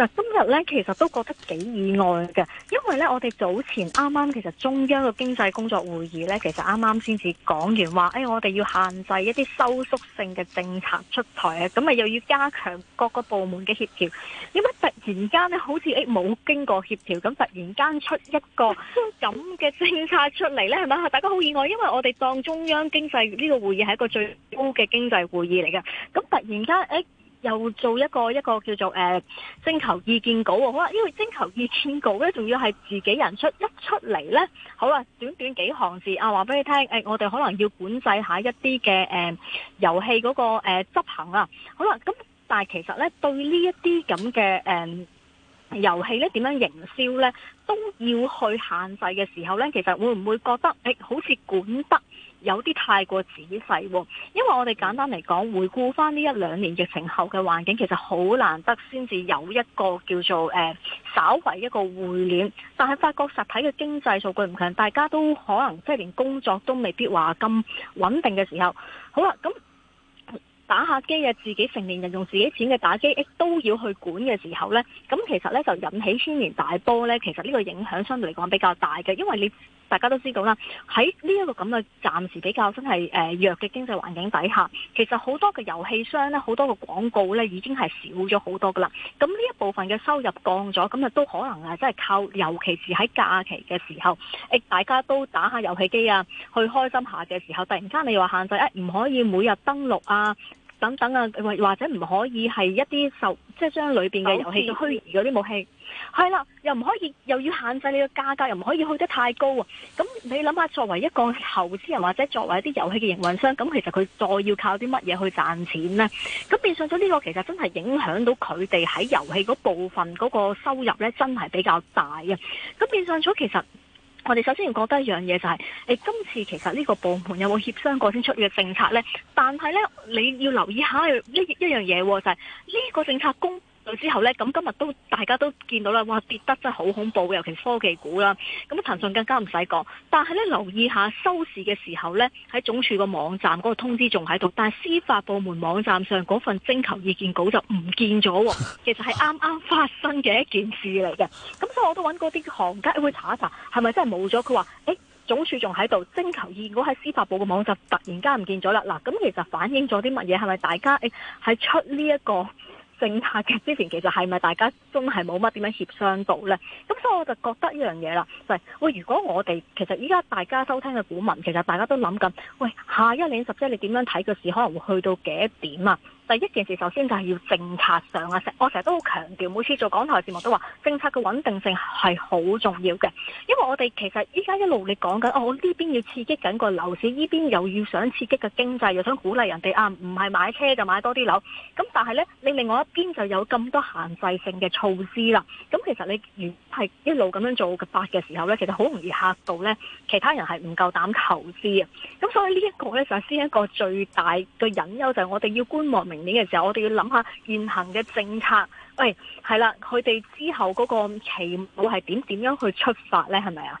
嗱，今日咧，其實都覺得幾意外㗎，因為咧，我哋早前啱啱其實中央嘅經濟工作會議咧，其實啱啱先至講完話，誒、哎，我哋要限制一啲收縮性嘅政策出台啊，咁啊，又要加強各個部門嘅協調，點解突然間咧，好似冇、哎、經過協調，咁突然間出一個咁嘅政策出嚟咧，係咪？大家好意外，因為我哋當中央經濟呢個會議係一個最高嘅經濟會議嚟嘅，咁突然間誒。哎又做一個一個叫做誒徵、啊、求意見稿，好啦，因為徵求意見稿咧，仲要係自己人出一出嚟咧，好啦，短短幾行字啊，話俾你聽，誒、哎，我哋可能要管制下一啲嘅誒遊戲嗰個誒執、啊、行啦、啊，好啦，咁但係其實咧對這些這、啊、遊戲呢一啲咁嘅誒遊戲咧點樣營銷咧，都要去限制嘅時候咧，其實會唔會覺得誒、哎、好似管得？有啲太過仔細喎，因為我哋簡單嚟講，回顧翻呢一兩年疫情後嘅環境，其實好難得先至有一個叫做誒、呃、稍為一個回暖，但係發覺實體嘅經濟數據唔強，大家都可能即係、就是、連工作都未必話咁穩定嘅時候，好啦，咁打下機嘅自己成年人用自己錢嘅打機，亦都要去管嘅時候呢，咁其實呢就引起軒然大波呢，其實呢個影響相對嚟講比較大嘅，因為你大家都知道啦，喺呢一個咁嘅暫時比較真係弱嘅經濟環境底下，其實好多嘅遊戲商咧，好多嘅廣告咧已經係少咗好多噶啦。咁呢一部分嘅收入降咗，咁就都可能係真係靠，尤其是喺假期嘅時候，大家都打下遊戲機啊，去開心下嘅時候，突然間你又話限制唔可以每日登錄啊。等等啊，或或者唔可以係一啲受，即係將裏邊嘅遊戲嘅虛擬嗰啲武器，係啦，又唔可以又要限制你嘅價格，又唔可以去得太高啊！咁你諗下，作為一個投資人或者作為一啲遊戲嘅營運商，咁其實佢再要靠啲乜嘢去賺錢呢？咁變相咗呢個其實真係影響到佢哋喺遊戲嗰部分嗰個收入呢，真係比較大啊！咁變相咗其實。我哋首先要覺得一樣嘢、就是，就係誒，今次其實呢個部門有冇協商過先出嘅政策咧？但係咧，你要留意一下一,一,一樣嘢喎、就是，就係呢個政策公。到之後呢，咁今日都大家都見到啦，哇，跌得真係好恐怖，尤其科技股啦。咁騰訊更加唔使講，但係呢留意下收市嘅時候呢，喺總署個網站嗰個通知仲喺度，但係司法部門網站上嗰份徵求意見稿就唔見咗。其實係啱啱發生嘅一件事嚟嘅。咁所以我都揾嗰啲行家、哎、會查一查，係咪真係冇咗？佢話，誒、哎、總署仲喺度徵求意見稿喺司法部嘅網站突然間唔見咗啦。嗱，咁其實反映咗啲乜嘢？係咪大家喺、哎、出呢、這、一個？正價嘅之前其實係咪大家真係冇乜點樣協商到呢？咁所以我就覺得呢樣嘢啦，就係、喂，如果我哋其實依家大家收聽嘅股民，其實大家都諗緊，喂，下一年十息你點樣睇個市可能會去到幾多點啊？第一件事，首先就係要政策上啊，我成日都好強調，每次做港台節目都話，政策嘅穩定性係好重要嘅。因為我哋其實依家一路你講緊，我、哦、呢邊要刺激緊個樓市，依邊又要想刺激嘅經濟，又想鼓勵人哋啊，唔係買車就買多啲樓。咁但係呢，你另外一邊就有咁多限制性嘅措施啦。咁其實你如係一路咁樣做嘅法嘅時候呢，其實好容易嚇到呢其他人係唔夠膽投資啊。咁所以呢一個呢，首先一個最大嘅隱憂，就係我哋要觀望明年嘅時候，我哋要諗下現行嘅政策。喂，係啦，佢哋之後嗰個期會係點點樣去出發咧？係咪啊？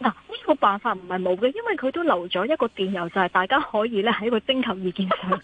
嗱，呢個辦法唔係冇嘅，因為佢都留咗一個電郵，就係、係、大家可以咧喺個徵求意見上，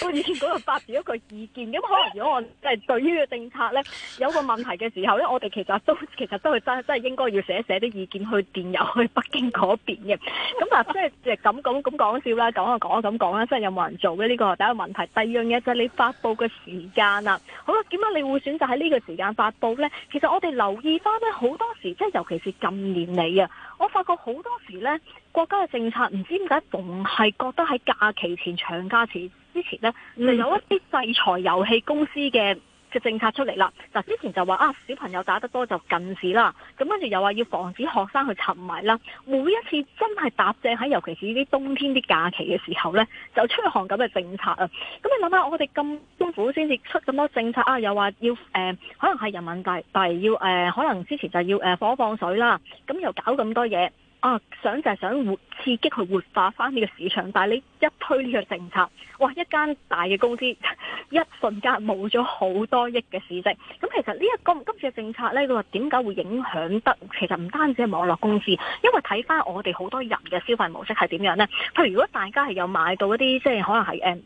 個 意見嗰度發表一個意見。咁可能如果我即係對於個政策咧有個問題嘅時候咧，我哋其實都其實都係真係真係應該要寫寫啲意見去電郵去北京嗰邊嘅。咁嗱， 即係誒咁講咁講笑啦，講啊講咁講啦，真係有冇人做嘅呢、呢個第一個問題。第二樣嘢就係你發布嘅時間啦。好啦，點解你會選擇喺呢個時間發布咧？其實我哋留意翻咧，好多時即係尤其是近年嚟啊。我發覺好多時咧，國家嘅政策唔知點解，逢係覺得喺假期前、長假前之前咧，就有一啲制裁遊戲公司嘅嘅政策出嚟啦，嗱之前就話啊小朋友打得多就近視啦，咁跟住又話要防止學生去沉迷啦，每一次真係搭正喺尤其是啲冬天啲假期嘅時候呢，就出一項咁嘅政策啊，咁你諗下我哋咁辛苦先至出咁多政策啊，又話要誒、呃、可能係人民幣但係要誒、呃、可能之前就要誒、呃、放一放水啦，咁又搞咁多嘢。啊，想就係想活刺激佢活化翻呢個市場，但係你一推呢個政策，哇！一間大嘅公司，一瞬間冇咗好多億嘅市值。咁其實呢、這、一個今次嘅政策呢，佢話點解會影響得？其實唔單止係網絡公司，因為睇翻我哋好多人嘅消費模式係點樣呢？譬如如果大家係有買到一啲，即係可能係誒。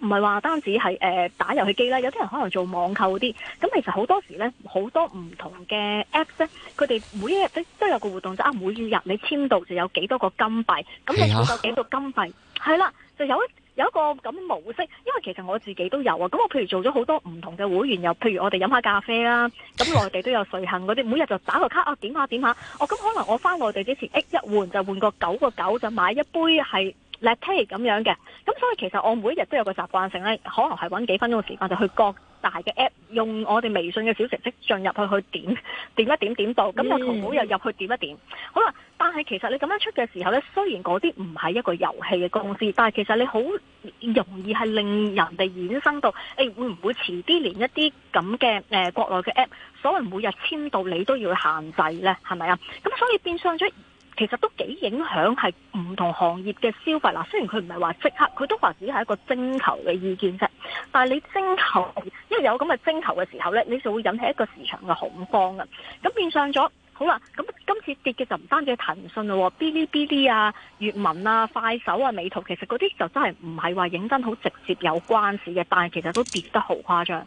唔係話單止係誒、呃、打遊戲機啦，有啲人可能做網購啲，咁其實好多時呢，好多唔同嘅 Apps 呢，佢哋每一日都都有個活動，就啊每日你簽到就有幾多個金幣，咁你儲夠幾多金幣，係啦，就有有一個咁嘅模式，因為其實我自己都有啊，咁我譬如做咗好多唔同嘅會員，又譬如我哋飲下咖啡啦，咁內地都有瑞幸嗰啲，每日就打個卡啊點下點下，哦咁可能我翻內地之前一換就換個九個九就買一杯係。咁樣嘅，咁所以其實我每日都有個習慣性呢，可能係揾幾分鐘嘅時間就去各大嘅 app，用我哋微信嘅小程式進入去去點點一點點到，咁、嗯、又淘寶又入去點一點，好啦。但係其實你咁樣出嘅時候呢，雖然嗰啲唔係一個遊戲嘅公司，但係其實你好容易係令人哋衍生到，誒、哎、會唔會遲啲連一啲咁嘅誒國內嘅 app，所謂每日簽到你都要限制呢，係咪啊？咁所以變相咗。其實都幾影響係唔同行業嘅消費啦，雖然佢唔係話即刻，佢都話只係一個徵求嘅意見啫。但係你徵求，因為有咁嘅徵求嘅時候呢，你就會引起一個市場嘅恐慌啊。咁變相咗好啦、啊，咁今次跌嘅就唔單止騰訊咯，嗶哩嗶哩啊、閲文啊、快手啊、美圖，其實嗰啲就真係唔係話認真好直接有關事嘅，但係其實都跌得好誇張。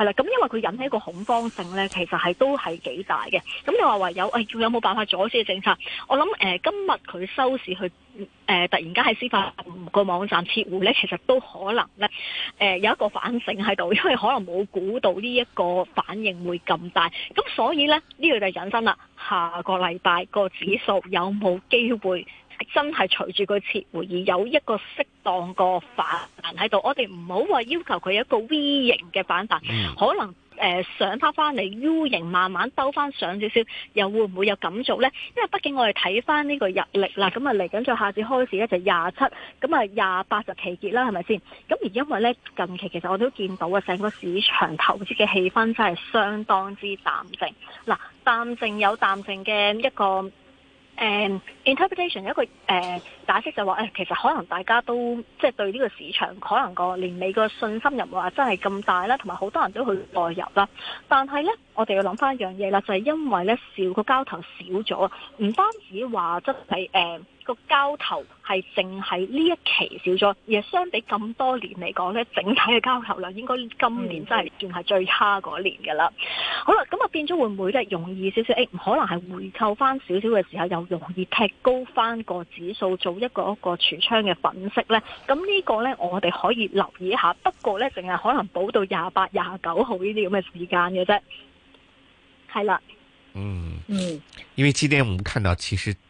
係啦，咁因為佢引起一個恐慌性咧，其實係都係幾大嘅。咁你話唯有誒、哎、有冇辦法阻止嘅政策？我諗誒、呃、今日佢收市去誒、呃、突然間喺司法個網站撤回咧，其實都可能咧誒、呃、有一個反省喺度，因為可能冇估到呢一個反應會咁大。咁所以咧呢、呢個就引申啦，下個禮拜個指數有冇機會？真係隨住佢撤回而有一個適當個反彈喺度，我哋唔好話要求佢一個 V 型嘅反彈，嗯、可能、呃、上翻翻嚟 U 型，慢慢兜翻上少少，又會唔會有咁做呢？因為畢竟我哋睇翻呢個日曆啦，咁啊嚟緊再下次開市呢，就廿七，咁啊廿八就期結啦，係咪先？咁而因為呢近期其實我都見到啊，成個市場投資嘅氣氛真係相當之淡靜。嗱，淡靜有淡靜嘅一個。誒 interpretation 一個誒、呃、解釋就話誒、哎，其實可能大家都即係對呢個市場可能個年尾個信心又唔話真係咁大啦，同埋好多人都去外遊啦。但係呢，我哋要諗翻一樣嘢啦，就係、是、因為呢交少個交投少咗啊，唔單止話即係誒。呃個交投係淨係呢一期少咗，而係相比咁多年嚟講呢整體嘅交投量應該今年真係算係最差嗰年噶啦。嗯、好啦，咁啊變咗會唔會呢？容易少少？誒、欸，可能係回扣翻少少嘅時候，又容易踢高翻個指數，做一個一個櫥窗嘅粉飾呢。咁呢個呢，我哋可以留意一下。不過呢，淨係可能補到廿八、廿九號呢啲咁嘅時間嘅啫。係啦，嗯嗯，嗯因為今天我們看到其實。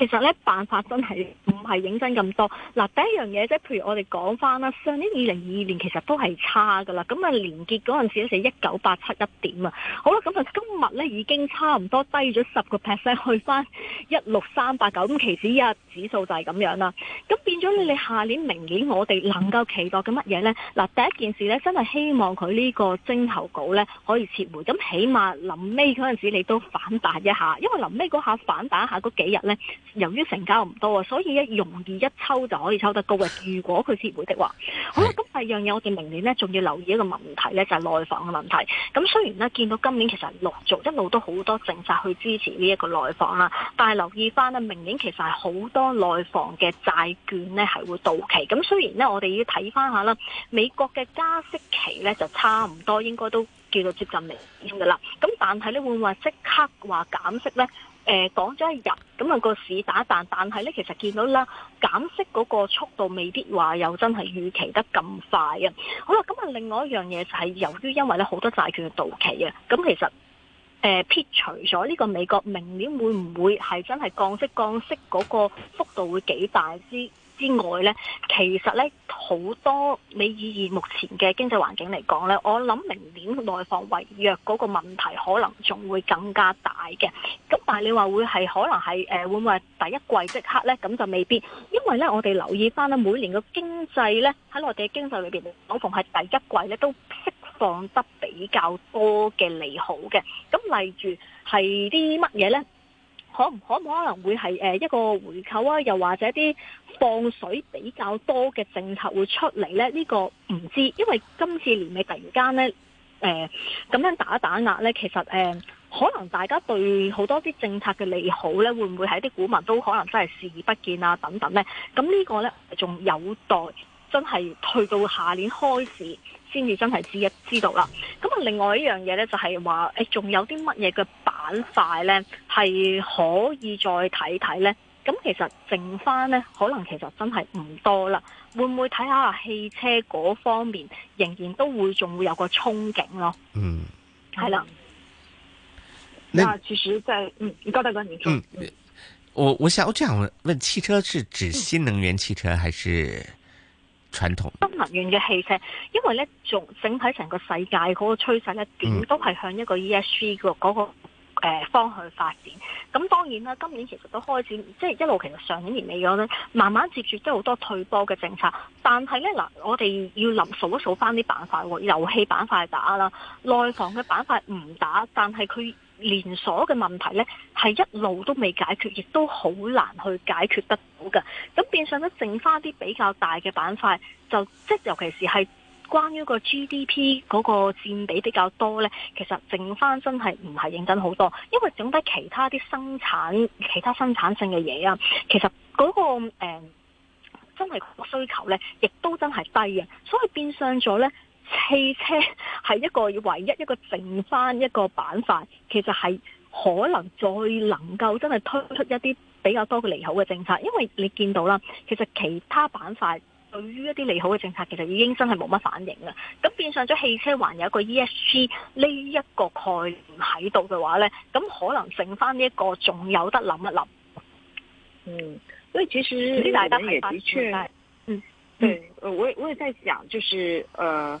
其實咧，辦法真係唔係認真咁多。嗱，第一樣嘢即係譬如我哋講翻啦，上年二零二二年其實都係差噶啦。咁啊，連結嗰陣時咧就一九八七一點啊。好啦，咁啊，今日咧已經差唔多低咗十個 percent 去翻一六三八九。咁，其實依指數就係咁樣啦。咁變咗你，你下年、明年我哋能夠期待嘅乜嘢咧？嗱，第一件事咧，啊，真係希望佢呢個征頭稿咧可以撤回。咁起碼臨尾嗰陣時你都反彈一下，因為臨尾嗰下反彈下嗰幾日咧。由於成交唔多啊，所以容易一抽就可以抽得高嘅。如果佢折回的話，好啦，咁第二樣嘢，我哋明年呢仲要留意一個問題呢就係內房嘅問題。咁雖然呢，見到今年其實陸續一路都好多政策去支持呢一個內房啦，但係留意翻呢，明年其實係好多內房嘅債券呢係會到期。咁雖然呢，我哋要睇翻下啦，美國嘅加息期呢就差唔多，應該都叫做接近明年噶啦。咁但係呢，會唔會話即刻話減息呢？誒，講咗、呃、一日，咁、那、啊個市打彈，但係咧其實見到啦減息嗰個速度未必話又真係預期得咁快啊。好啦，咁啊另外一樣嘢就係由於因為咧好多債券嘅到期啊，咁其實。誒、呃，撇除咗呢個美國明年會唔會係真係降息，降息嗰個幅度會幾大之之外呢？其實呢，好多，你以目前嘅經濟環境嚟講呢，我諗明年內房違約嗰個問題可能仲會更加大嘅。咁但係你話會係可能係誒、呃、會唔會係第一季即刻呢？咁就未必，因為呢，我哋留意翻每年嘅經濟呢，喺內地經濟裏邊，每逢係第一季呢，都。放得比較多嘅利好嘅，咁例如係啲乜嘢呢？可唔可唔可能會係一個回購啊，又或者啲放水比較多嘅政策會出嚟呢？呢個唔知，因為今次年尾突然間呢，誒、呃、咁樣打打壓呢，其實、呃、可能大家對好多啲政策嘅利好呢，會唔會係啲股民都可能真係視而不見啊？等等呢？咁呢個呢，仲有待真係去到下年開始。先至真係知一知道啦。咁啊，另外一樣嘢咧就係、是、話，誒，仲有啲乜嘢嘅板塊咧係可以再睇睇咧？咁其實剩翻咧，可能其實真係唔多啦。會唔會睇下汽車嗰方面仍然都會仲會有個憧憬咯？嗯，係啦的。那其實即係，嗯，你覺得嗰邊？嗯，我我想我即係問，問汽車是指新能源汽車還是？嗯新能源嘅汽車，因為呢，仲整體成個世界嗰個趨勢呢，點都係向一個 ESG 嗰個方向發展。咁當然啦，今年其實都開始，即係一路其實上年年尾咗呢，慢慢接住即係好多退波嘅政策。但係呢，嗱，我哋要諗數一數翻啲板塊喎，遊戲板塊打啦，內房嘅板塊唔打，但係佢，連鎖嘅問題呢，係一路都未解決，亦都好難去解決得到嘅。咁變相呢，剩翻啲比較大嘅板塊，就即尤其是係關於個 GDP 嗰個佔比比較多呢，其實剩翻真係唔係認真好多。因為整體其他啲生產、其他生產性嘅嘢啊，其實嗰、嗰個、呃、真係個需求呢，亦都真係低嘅，所以變相咗呢。汽車係一個唯一一個剩翻一個板塊，其實係可能再能夠真係推出一啲比較多嘅利好嘅政策，因為你見到啦，其實其他板塊對於一啲利好嘅政策，其實已經真係冇乜反應啦。咁變相咗汽車還、這個，還有想一個 ESG 呢一個概念喺度嘅話呢，咁可能剩翻呢一個仲有得諗一諗。嗯，所以其實，大家也的確，嗯，對，我我也在想，就是，誒、呃。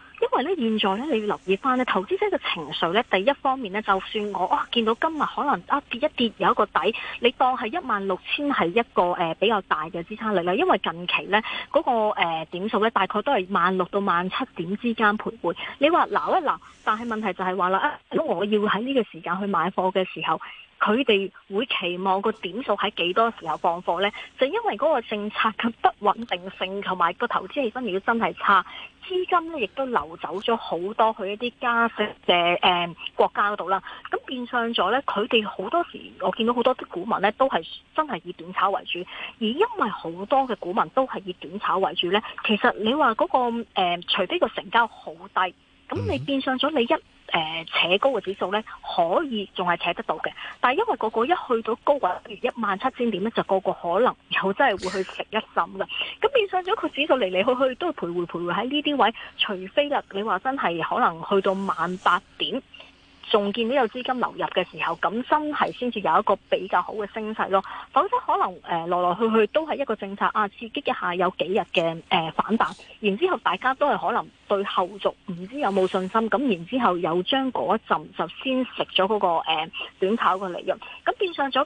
因為咧，現在咧，你要留意翻咧，投資者嘅情緒咧，第一方面咧，就算我啊見到今日可能啊跌一跌，有一個底，你當係一萬六千係一個誒、呃、比較大嘅支撐力啦。因為近期咧嗰、那個誒、呃、點數咧，大概都係萬六到萬七點之間徘徊。你話撈一撈，但係問題就係話啦，啊，如果我要喺呢個時間去買貨嘅時候。佢哋會期望個點數喺幾多時候放貨呢？就因為嗰個政策嘅不穩定性，同埋個投資氣氛，亦都真係差，資金咧亦都流走咗好多去一啲加息嘅國家嗰度啦。咁變相咗呢，佢哋好多時我見到好多啲股民呢都係真係以短炒為主。而因為好多嘅股民都係以短炒為主呢。其實你話嗰個誒，除非個成交好低，咁你變相咗你一。誒、呃，扯高嘅指數咧，可以仲係扯得到嘅，但係因為個個一去到高位，一萬七千點咧，就個個可能又真係會去食一心噶，咁變相咗佢指數嚟嚟去去都係徘徊徘徊喺呢啲位，除非啦，你話真係可能去到萬八點。仲見到有資金流入嘅時候，咁真係先至有一個比較好嘅升勢咯。否則可能誒來來去去都係一個政策啊，刺激一下有幾日嘅、呃、反彈，然之後大家都係可能對後續唔知有冇信心。咁然之後又將嗰一陣就先食咗嗰個短炒嘅利潤，咁變相咗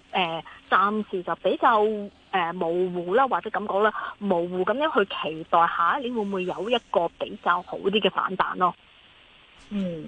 暫時就比較誒、呃、模糊啦，或者咁講啦，模糊咁樣去期待下一年會唔會有一個比較好啲嘅反彈咯。嗯。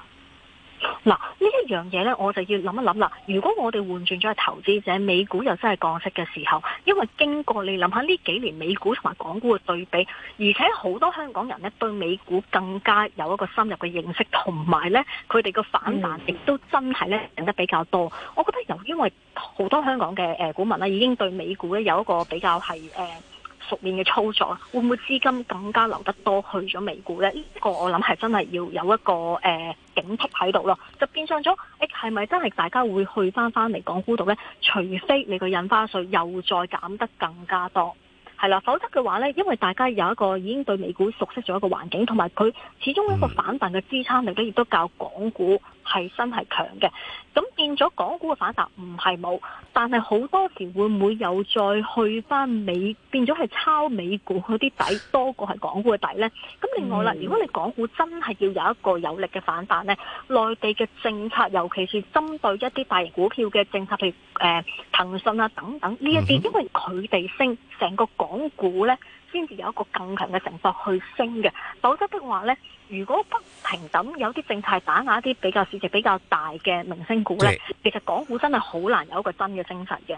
嗱呢一樣嘢呢，我就要諗一諗啦。如果我哋換轉咗係投資者，美股又真係降息嘅時候，因為經過你諗下呢幾年美股同埋港股嘅對比，而且好多香港人呢對美股更加有一個深入嘅認識，同埋呢佢哋嘅反彈亦都真係呢贏得比較多。我覺得由於我好多香港嘅、呃、股民呢已經對美股呢有一個比較係局面嘅操作啊，會唔會資金更加留得多去咗美股咧？呢個我諗係真係要有一個、呃、警惕喺度咯，就變相咗誒，係咪真係大家會去翻翻嚟港股度咧？除非你個印花稅又再減得更加多。係啦，否則嘅話呢，因為大家有一個已經對美股熟悉咗一個環境，同埋佢始終一個反彈嘅支撐力呢，亦都較港股係真係強嘅。咁變咗港股嘅反彈唔係冇，但係好多時會唔會有再去翻美，變咗係抄美股嗰啲底多過係港股嘅底呢？咁另外啦，如果你港股真係要有一個有力嘅反彈呢，內地嘅政策，尤其是針對一啲大型股票嘅政策，譬如，呃騰訊啊，嗯、等等呢一啲，因為佢哋升，成個港股呢，先至有一個更強嘅情況，去升嘅。否則的話呢，如果不停咁有啲政策打壓啲比較市值比較大嘅明星股呢，的其實港股真係好難有一個真嘅升勢嘅。